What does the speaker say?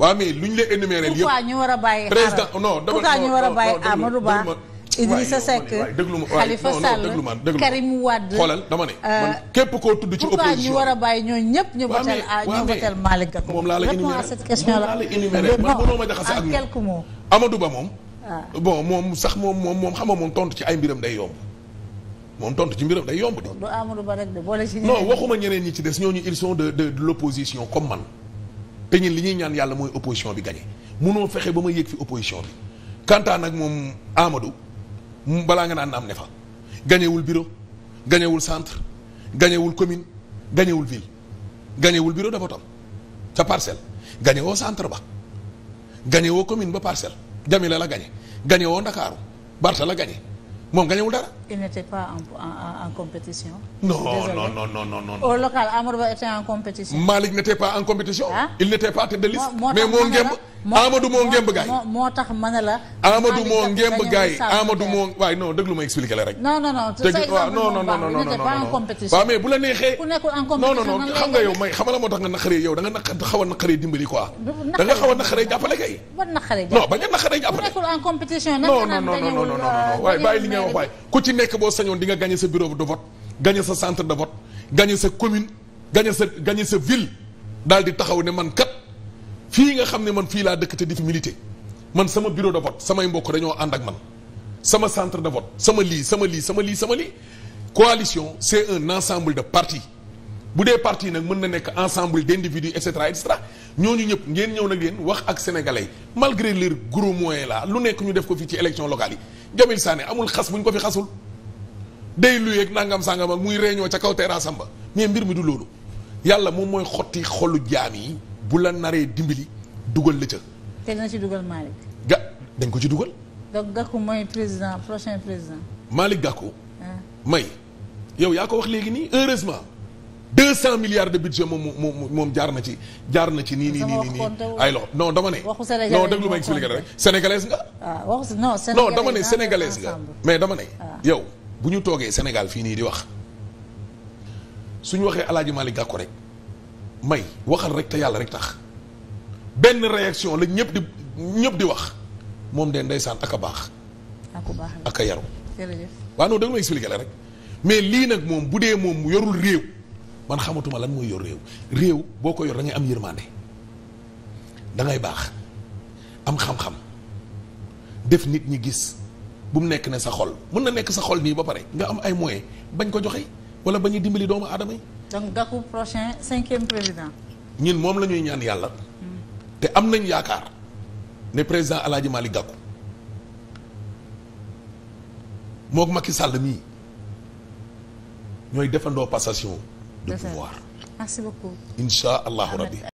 waaw mais lu ñu la énuméré yëpp pourquoi ñu war a bàyyi président non pourquoi ñu war a bàyyi Amadou Ba Idrissa Seck Khalifa Sall Karim Wade xoolal dama ne euh, képp koo tudd ci opposition pourquoi ñu war a bàyyi ñooñu ñëpp ñu votel ñu votel Malick Gakou moom laa la énuméré à cette question là man mënoo ma jaxase ak quelques moom ah. bon moom sax moom moom moom xam nga moom tontu ci ay mbiram day yomb moom tontu ci mbiram day yomb di non waxuma ñeneen ñi ci des ñooñu ils sont de de l'opposition comme man te li ñuy ñaan yàlla mooy opposition bi gagné munoo fexe ba ma yéeg fi opposition bi quant à nag moom amado balaa nga naan am ne fa gañewul bureau gañewul centre gañewul commune gañewul ville gañewul bureau de vote ca parcelle gañewoo centre ba gañewoo commune ba parcelle Jamila la gañe gañewoo Ndakaaru Barta la gañe moom gañewul dara. il n'était pas en, en, en compétition. non Désolé. non non non non non. local Amadou était en compétition. Malick n'était pas en compétition. il n'était pas de liste. mais moo ngemb Amadou moo ngemb gaay moo tax ma ne la. Amadou moo ngemb gaay Amadou moo waaye non déglu ma expliqué la rek. non non non sa exemple non non non non non waaw a naqaree a naqaree jàppale kay. ban naqaree jàppale non ba nga naqaree waaye bàyyi li nga wax waaye ku ci nekk boo sañoon di nga gagné sa bureau de vote sa centre de vote sa commune gagné sa gagné sa ville daal di taxaw ne man kat fii nga xam ne man fii laa dëkk te di fi man sama bureau de vote samay mbokk dañoo ànd ak man sama centre de vote sama lii sama lii sama lii sama lii coalition c'est un ensemble de partis bu dee parti nag mën na nekk ensemble d'individus et cetera et cetera ñooñu ñëpp ngeen ñëw nag yéen wax ak sénégalais malgré leur gros moyens la lu nekk ñu def ko fii ci élection locale yi Jamil Sané amul xas bu ñu ko fi xasul day luy ak nangam sangam ak muy réunion ca kaw terrasse mbir mi du loolu yàlla moom mooy xotti xolu jaam yi bu la naree dimbali dugal la ca. te na ci dugal Malick. ga dañ ko ci dugal. donc Gakou président prochain président. Malick Gakou. Ah. may yow yaa ko wax léegi nii heureusement deux cent milliards de budget moom moom moom jaar na ci jaar na ci nii nii nii nii ay lo non dama ne. waxu sénégalais non déglu ma expliqué rek sénégalaise nga. waaw ah, waxu non non dama ne sénégalaise nga mais dama ne. Ah. yow bu ñu toogee Sénégal fii nii di wax suñu waxee El Hadj Malick rek. may waxal rek te yàlla rek tax benn réaction la ñëpp di ñëpp di wax moom de ndeysaan ak a baax. ak a baax ak a yaru. jërëjëf waaw non da la rek mais lii nag moom bu dee moom mu yorul réew man xamatuma lan mooy yor réew réew boo ko yor da am yërmande dangay baax am xam-xam def nit ñi gis bu mu nekk ne sa xol mën na nekk sa xol nii ba pare nga am ay moyens bañ ko joxe wala bañ a dimbali doomu aadama yi. donc Gakou prochain cinquième président. ñun moom la ñuy ñaan yàlla. te am nañ yaakaar ne président El Hadj Malick Gakou mook Macky Sall mii ñooy defandoo passation. de pouvoir merci beaucoup. allahu rabbi.